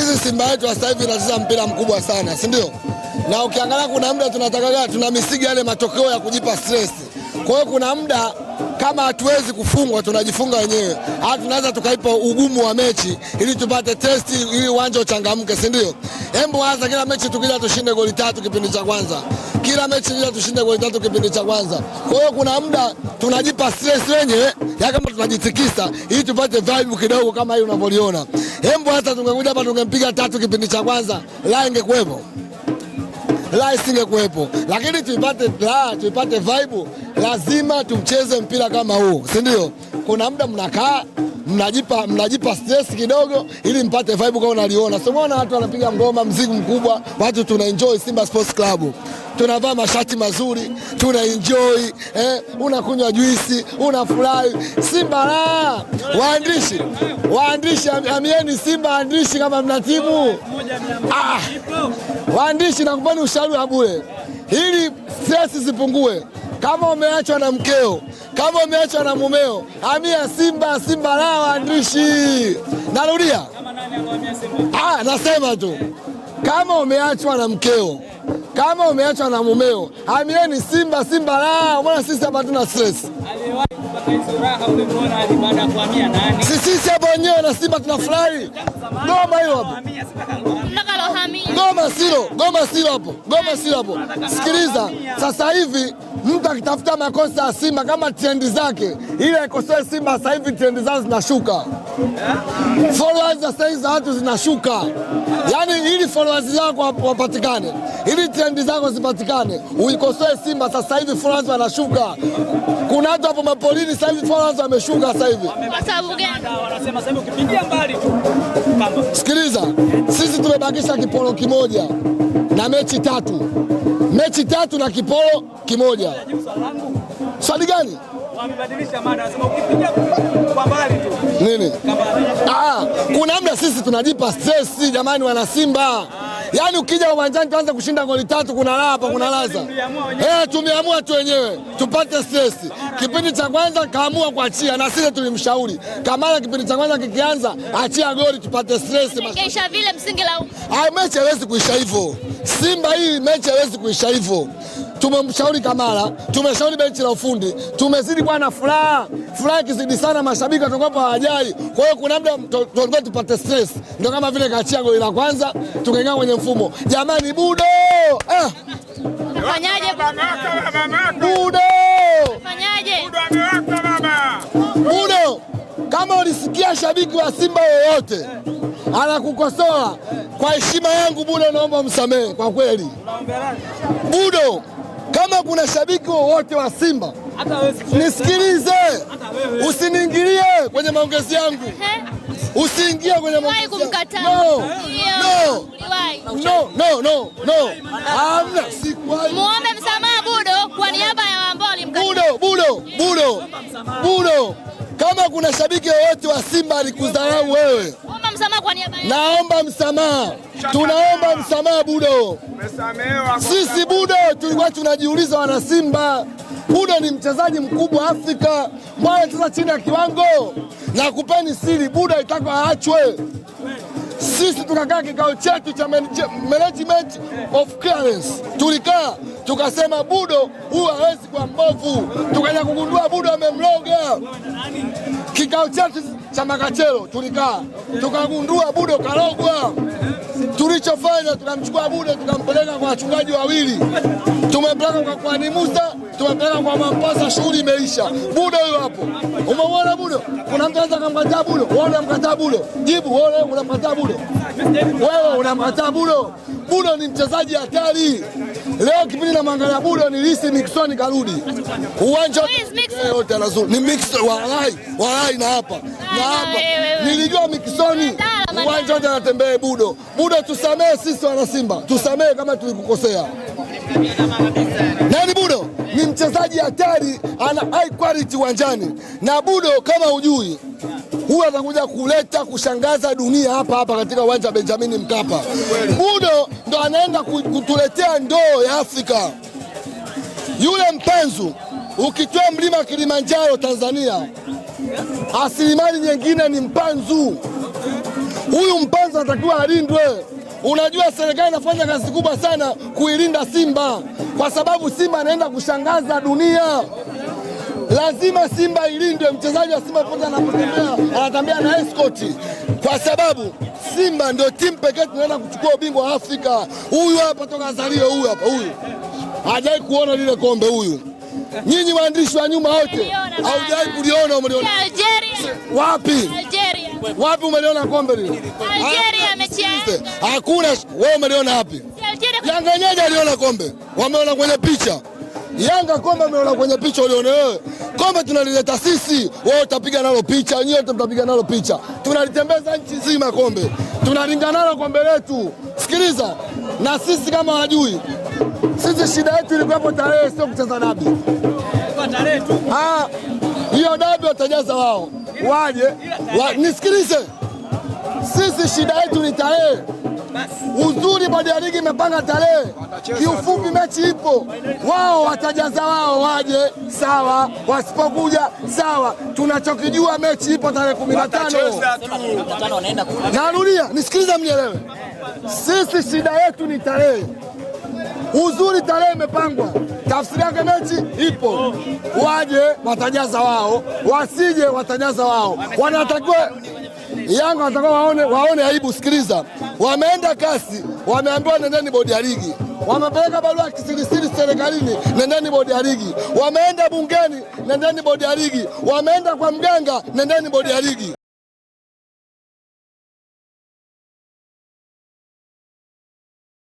sisi Simba yetu sasa hivi inacheza mpira mkubwa sana, si ndio? Na ukiangalia kuna muda tunatakaga tuna misiga yale matokeo ya kujipa stress. Kwa hiyo kuna muda kama hatuwezi kufungwa tunajifunga wenyewe, au tunaweza tukaipa ugumu wa mechi ili tupate testi, ili uwanja uchangamke, si ndio? Hebu kila mechi tukija tushinde goli tatu kipindi cha kwanza kila mechi ia tushinde goli tatu kipindi cha kwanza. Kwa hiyo kuna muda tunajipa stress wenyewe ya kama tunajitikisa ili tupate vibe kidogo kama hii unavyoiona. Hembo hata tungekuja hapa tungempiga tatu kipindi cha kwanza, la ingekuwepo la isingekuwepo, lakini tuipate la tuipate vibe, lazima tumcheze mpira kama huu, si ndio? Kuna muda mnakaa mnajipa mnajipa stress kidogo ili mpate vibe kama unaliona. Sio mbona watu wanapiga ngoma, mziki mkubwa, watu tunaenjoy Simba Sports Club tunavaa mashati mazuri, tuna enjoy eh, unakunywa juisi, unafurahi. Simba la waandishi, waandishi amieni Simba waandishi, kama mna timu ah, waandishi, nakupani ushauri wa bure ili stress zipungue. Kama umeachwa na mkeo, kama umeachwa na mumeo, amia Simba. Simba la waandishi, narudia, ah, nasema tu kama umeachwa na mkeo kama umeachwa na mumeo, hamieni Simba. Simba la mbona sisi hapa tuna stress. Sisi hapa wenyewe na Simba tunafurahi. Goma hiyo hapo, goma silo, goma silo hapo, goma silo hapo. Sikiliza sasa hivi mtu akitafuta makosa ya Simba kama trendi zake ile aikosoe Simba. Sasa hivi trendi zao zinashuka, followers za sasa hivi za watu zinashuka, yaani ili followers zako wapatikane ili trendi zako zipatikane, uikosoe Simba sasa hivi. Fulani wanashuka kuna watu hapo mapolini sasa hivi Fulani wameshuka, sasa hivi. Sikiliza, sisi tumebakisha kiporo kimoja na mechi tatu, mechi tatu na kiporo kimoja. Swali gani? Wamebadilisha mada, wanasema kwa mbali tu nini? Ah, kuna muda sisi tunajipa stress jamani, wana Simba. Yaani ukija uwanjani tuanze kushinda goli tatu, kuna raha hapa, kuna laza. Eh, tumeamua tu wenyewe tupate stress. Kipindi cha kwanza kaamua kuachia, na sisi tulimshauri Kamala, kipindi cha kwanza kikianza, achia goli tupate stress. Kesha vile msingi la mechi haiwezi kuisha hivyo. Simba hii mechi haiwezi kuisha hivyo tumemshauri Kamara, tumeshauri benchi la ufundi, tumezidi bwana. Furaha furaha ikizidi sana, mashabiki watakuwa hawajai. Kwa hiyo kuna muda tutakuwa tupate stress, ndio kama vile kachia goli la kwanza tukaingia kwenye mfumo. Jamani, budo ah. fanyaje budo, budo. Kama ulisikia shabiki wa Simba yoyote anakukosoa kwa heshima yangu, budo, naomba msamehe kwa kweli budo. Kama kuna shabiki wowote wa Simba nisikilize, usiniingilie kwenye maongezi yangu, usiingie kwenye maongezi No. No, no, no, no, no, sikwai. Muombe msamaha Budo kwa niaba ya ambao Budo, Budo, Budo, Budo. Kama kuna shabiki yoyote wa Simba alikudharau wewe, naomba msamaha tunaomba msamaha Budo. Sisi Budo tulikuwa tunajiuliza, wana Simba, Budo ni mchezaji mkubwa Afrika, mbona anacheza chini ya kiwango? Na kupeni siri, Budo itakwa aachwe. Sisi tukakaa kikao chetu cha management of clearance, tulikaa tukasema, Budo huyu hawezi kwa mbovu. Tukaja kugundua Budo amemloga. Kikao chetu cha Makachelo tulikaa tukagundua Budo karogwa. Tulichofanya tunamchukua Budo tukampeleka kwa wachungaji wawili, tumepeleka kwa kwani Musa, tumepeleka kwa Mampasa, shughuli imeisha. Budo huyo hapo, umeona Budo. Kuna mtu anaweza kumkataa Budo? Wewe unamkataa Budo? Jibu wewe, unamkataa Budo? Wewe unamkataa Budo? Budo ni mchezaji hatari. Leo kipindi na mwangalia budo lisi mixoni karudi uwanja eh, yote anazuri ni mix walai walai, na hapa na hapa nilijua mixoni. uwanja wote anatembea budo budo. Tusamee sisi wana Simba, tusamee kama tulikukosea. Nani budo ni mchezaji hatari, ana high quality uwanjani na budo kama hujui huyu atakuja kuleta kushangaza dunia hapa hapa katika uwanja wa Benjamin Mkapa. budo ndo anaenda kutuletea ndoo ya Afrika. Yule mpenzu, ukitoa mlima Kilimanjaro Tanzania, asilimali nyingine ni mpanzu. Huyu mpanzu anatakiwa alindwe. Unajua, serikali inafanya kazi kubwa sana kuilinda Simba kwa sababu Simba anaenda kushangaza dunia lazima Simba ilindwe. Mchezaji wa Simba popote anapotembea anatambia na escort, kwa sababu Simba ndio timu pekee tunaenda kuchukua ubingwa wa Afrika. Huyu hapa toka azaliwe, huyu hapa, huyu hajawahi kuona lile kombe huyu. Nyinyi waandishi wa nyuma wote haujawahi kuliona. Umeliona wapi? Wapi umeliona kombe lile? Algeria ah, Hakuna. Wewe umeliona wapi? Yanga yenyewe aliona kombe, wameona kwenye picha. Yanga kombe ameona kwenye picha, uliona wewe? kombe tunalileta sisi, wao utapiga nalo picha, nyote mtapiga nalo picha, tunalitembeza nchi nzima kombe, tunalinga nalo kombe letu. Sikiliza, na sisi kama wajui, sisi shida yetu ilikuwepo tarehe, sio kucheza dabi hiyo dabi watajaza wao waje, nisikilize. Sisi shida yetu ni tarehe. Uzuri bodi ya ligi imepanga tarehe, kiufupi mechi ipo, wao watajaza wao, waje sawa, wasipokuja sawa. Tunachokijua mechi ipo tarehe kumi na tano. Narudia, nisikilize, mnielewe. Sisi shida yetu ni tarehe. Uzuri tarehe imepangwa, tafsiri yake mechi ipo, waje watajaza wao, wasije watajaza wao, wanatakiwa Yanga wanataka waone, waone aibu. Sikiliza, wameenda kasi, wameambiwa nendeni bodi ya ligi, wamepeleka barua kisirisiri serikalini, nendeni bodi ya ligi, wameenda bungeni, nendeni bodi ya ligi, wameenda kwa mganga, nendeni bodi ya ligi.